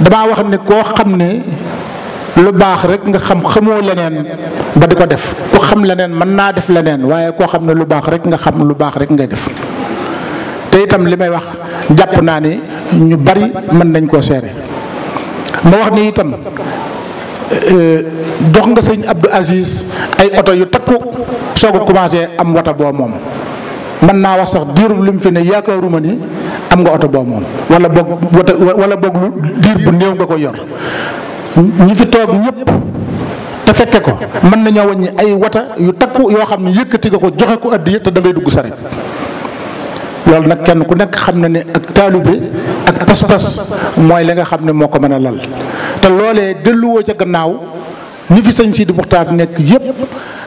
damaa wax ne koo xam ne lu baax rek nga xam xamoo leneen ba di ko def ku xam leneen mën naa def leneen waaye koo xam ne lu baax rek nga xam lu baax rek ngay def te itam li may wax jàpp naa ne ñu bari mën nañ koo seere ma wax ni itam euh, dox nga sëñ Abdou Aziz ay oto yu takku soo ko commencé am wata boo moom mën naa wax sax diirub li mu fi ne yaakaaruma ni am nga oto boo moom wala boog wala boog diir bu néew nga ko yor ñi fi toog ñëpp te fekke ko mën nañoo wàññi ay wata yu takku yoo xam ne yëkkati ko joxe ko addiya te da ngay dugg saret loolu nag kenn ku nekk xam na ne ak taalibe ak pas-pas mooy li nga xam ne moo ko mën a lal te loolee delluwoo ca gannaaw ñi fi sëñ Sidi Muxtaar nekk yëpp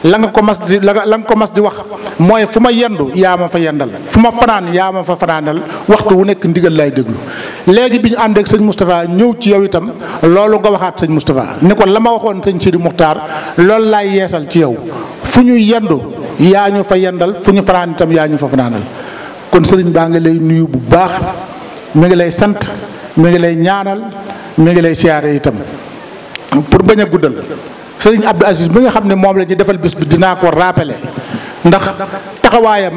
la nga ko mas di la nga wax mooy fu ma yendu yaa ma fa yendal fu ma fanaan yaa ma fa fanaanal waxtu wu nekk ndigal lay déglu léegi bi ñu ànd ak sëñ Moustapha ñëw ci yow itam loolu nga waxaat sëñ Moustapha ni ko la ma waxoon sëñ Sidi Muxtaar loolu laay yeesal ci yow fu ñu yendu yaa ñu fa yendal fu ñu fanaan itam yaa ñu fa fanaanal kon sëriñ baa ngi lay nuyu bu baax mi ngi lay sant mi ngi lay ñaanal mi ngi lay siyaare itam pour bañ a guddal sëriñ Abdou Aziz bi nga xam ne moom la ñu defal bis bi dinaa ko rappelé ndax taxawaayam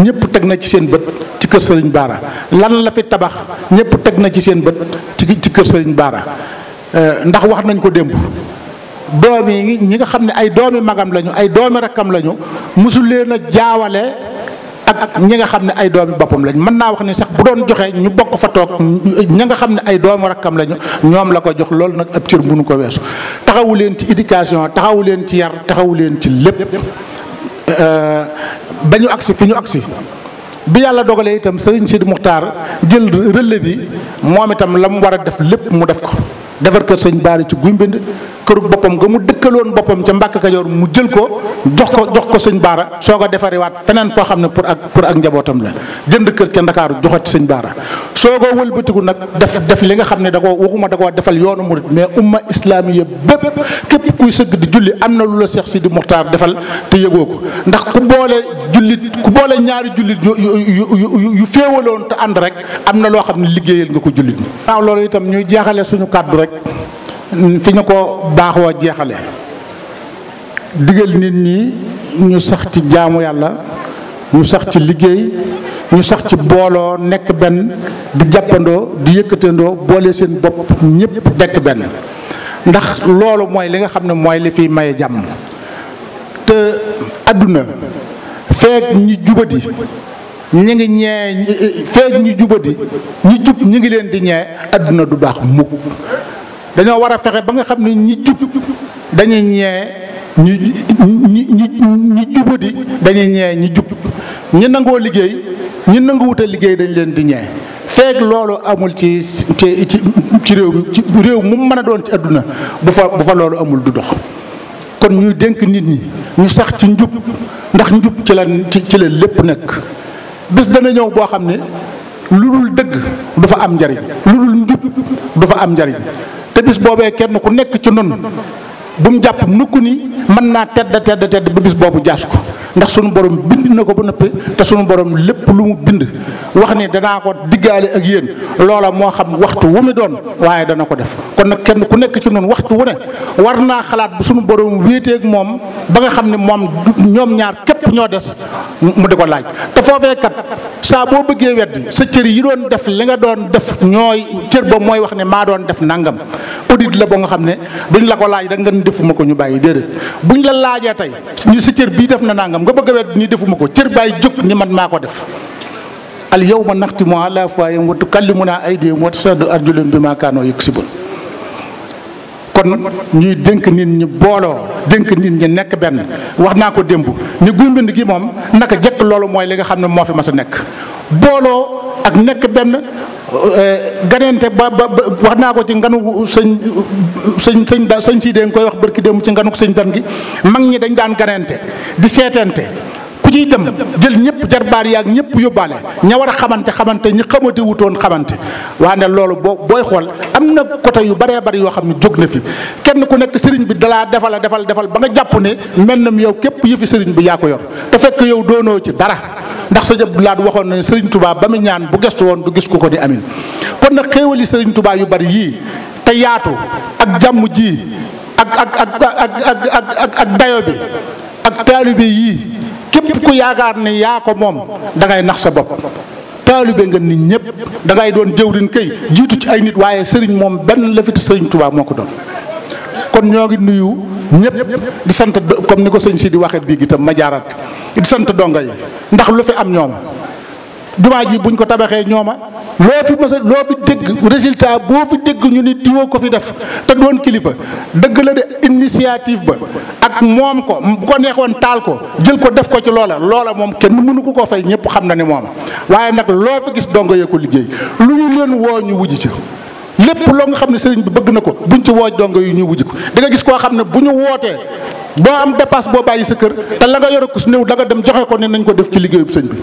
ñëpp teg na ci seen bët ci kër sëriñ Baara lan la fi tabax ñëpp teg na ci seen bët ci ci kër sëriñ Baara euh, ndax wax nañ ko démb doom yi ñi nga xam ne ay doomi magam lañu ay doomi rakkam lañu mosu leen a jaawale. ak ñi nga xam ne ay doomi boppam lañ mën naa wax ni sax bu doon joxee ñu bokk fa toog ñi nga xam ne ay doomu rakkam lañu ñoom la ko jox loolu nag ab cër bu nu ko weesu taxawu leen ci éducation taxawu leen ci yar taxawu leen ci lépp euh, ba ñu agsi fi ñu agsi bi yàlla dogalee itam sëriñ Sidi Muxtaar jël relais bi moom itam la mu war a def lépp mu def ko defar kër sëñ Baari ci Gouy Mbind kërug boppam ga mu dëkkaloon boppam ca Mbàkke Kajoor mu jël ko jox ko jox ko sëñ baara soo ko defariwaat feneen foo xam ne pour ak pour ak njabootam la jënd kër ca ndakaaru joxat sëñ baara soo ko wëlbatiku nag def def li nga xam ne da koo waxuma da koo defal yoonu murit mais umma islamiya bépp képp kuy sëgg di julli am na lu la Seex Sidi Muxtaar defal te yëgoo ko ndax ku boole jullit ku boole ñaari jullit yu yu yu féewaloon te ànd rek am na loo xam ne liggéeyal nga ko jullit ñi waaw itam ñuy jeexale suñu kàddu rek fi ñu ko baaxoo jeexale digal nit ñi ñu sax ci jaamu yàlla ñu sax ci liggéey ñu sax ci booloo nekk benn di jàppandoo di yëkkatandoo boole seen bopp ñépp dekk benn ndax loolu mooy li nga xam ne mooy li fiy maye jàmm te àdduna feek ñi jubadi ñi ngi ñee feek ñi jubadi ñi jub ñi ngi leen di ñee àdduna du baax mukk dañu wara fexé ba nga xam ñi jub dañu ñé ñi ñi ñi jubadi dañu ñé ñi jub ñi nango liggéey ñi nango wuté liggéey dañ leen di ñé fék loolu amul ci ci ci réew ci réew mu mëna doon ci aduna bu fa bu fa loolu amul du dox kon ñu dénk nit ñi ñu sax ci njub ndax njub ci la ci la lepp nekk bés dana ñëw bo xam lulul deug du fa am njariñ lulul njub du fa am njariñ te bis boobee kenn ku nekk ci nun bu mu jàpp ku ni mën naa tedd tedd tedd ba bis boobu jaas ko ndax sunu borom bind na ko ba noppi te sunu borom lépp lu mu bind wax ni danaa ko diggaale ak yéen loola moo xam waxtu wu mu doon waaye dana ko def kon nag kenn ku nekk ci noonu waxtu wu ne war naa xalaat bu sunu borom wéetee moom ba nga xam ne moom ñoom ñaar képp ñoo des mu di ko laaj te foofee kat saa boo bëggee weddi sa cër yi doon def li nga doon def ñooy cër ba mooy wax ne maa doon def nangam audit la ba nga xam ne duñ la ko laaj rek nga defuma ko ñu bàyyi déedéet buñ la laajee tey ñu cër bii def na nangam nga bëgg a wet ni defuma ko cër bàyyi jóg ni man maa ko def al yawma naxtimu ala afwaahihim wa tukallimunaa aydiihim wa tashhadu arjuluhum bimaa kaanoo yaksibuun kon ñuy dénk nit ñi booloo dénk nit ñi nekk benn wax naa ko démb ni gumbind gi moom naka jekk loolu mooy li nga xam ne moo fi ma sa nekk booloo ak nekk benn euh, ganente ba ba ba wax naa ko ci nganu sëñ sëñ sëñ da sëñ siidee nga koy wax bërki démb ci nganu sëñ dan gi mag ñi dañ daan ganente di seetante ku ciy dem jël ñëpp jarbaar yaag ñëpp yóbbaale ña war a xamante xamante ñi xamante wutoon xamante waa ne loolu boo booy xool am na côté yu baree bari yoo xam ne jóg na fi kenn ku nekk sëriñ bi dalaa defal defal defal ba nga jàpp ne mel na yow képp yëfi sëriñ bi yaa ko yor te fekk yow doonoo ci dara ndax sëñ Abdou Lahad waxoon na ne sëriñ Touba ba mu ñaan bu gestu woon du gis ku ko ni amin kon nag xéewali sëriñ tubaa yu bari yii te yaatu ak jàmm jii ak ak ak ak dayo bi ak taalibe yii képp ku yaakaar ne yaa ko moom da ngay nax sa bopp taalibe nga nit ñëpp da ngay doon jëwrin kay jiitu ci ay nit waaye sëriñ moom benn lafiti sëriñ Touba moo ko doon kon ñoo ngi nuyu ñëpp di sant comme ni ko sëñ sii di waxee bii gi tam di sant donga yi ndax lu fi am ñooma jumaa ji buñ ko tabaxee ñooma loo fi mësa loo fi dégg résultat boo fi dégg ñu ni diwoo ko fi def te doon kilifa dëgg la de initiative ba ak moom ko bu ko neexoon taal ko jël ko def ko ci loola loola moom kenn mënu ko koo fay ñëpp xam na ne mooma waaye nag loo fi gis donga yee ko liggéey lu ñu leen woo ñu wujj ci lépp loo nga xam ne sëriñ bi bëgg na ko buñ ci wooj donga yi ñu wujj ko da gis koo xam ne bu ñu wootee boo am dépasse boo bàyyi sa kër te la nga yor kus néew da nga dem joxe ko ne nañ ko def ci liggéeyub sëñ bi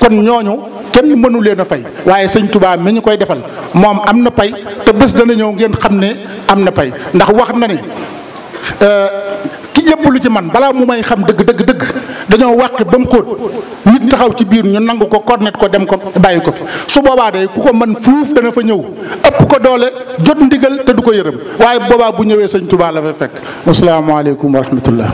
kon ñooñu kenn mënu leen a fay waaye sëñ Touba mi ñu koy defal moom am na pay te bés dana ñëw ngeen xam ne am na pay ndax wax na ni euh, lépp lu ci man balaa mu may xam dëgg dëgg dëgg dañoo wàq ba mu xóot nit taxaw ci biir ñu nangu ko cornet ko dem ko bàyyi ko fi su boobaa day ku ko man fuuf dana fa ñëw ëpp ko doole jot ndigal te du ko yërëm waaye boobaa bu ñëwee sëñ Tuubaa la fa fekk asalaamaaleykum wa rahmatullah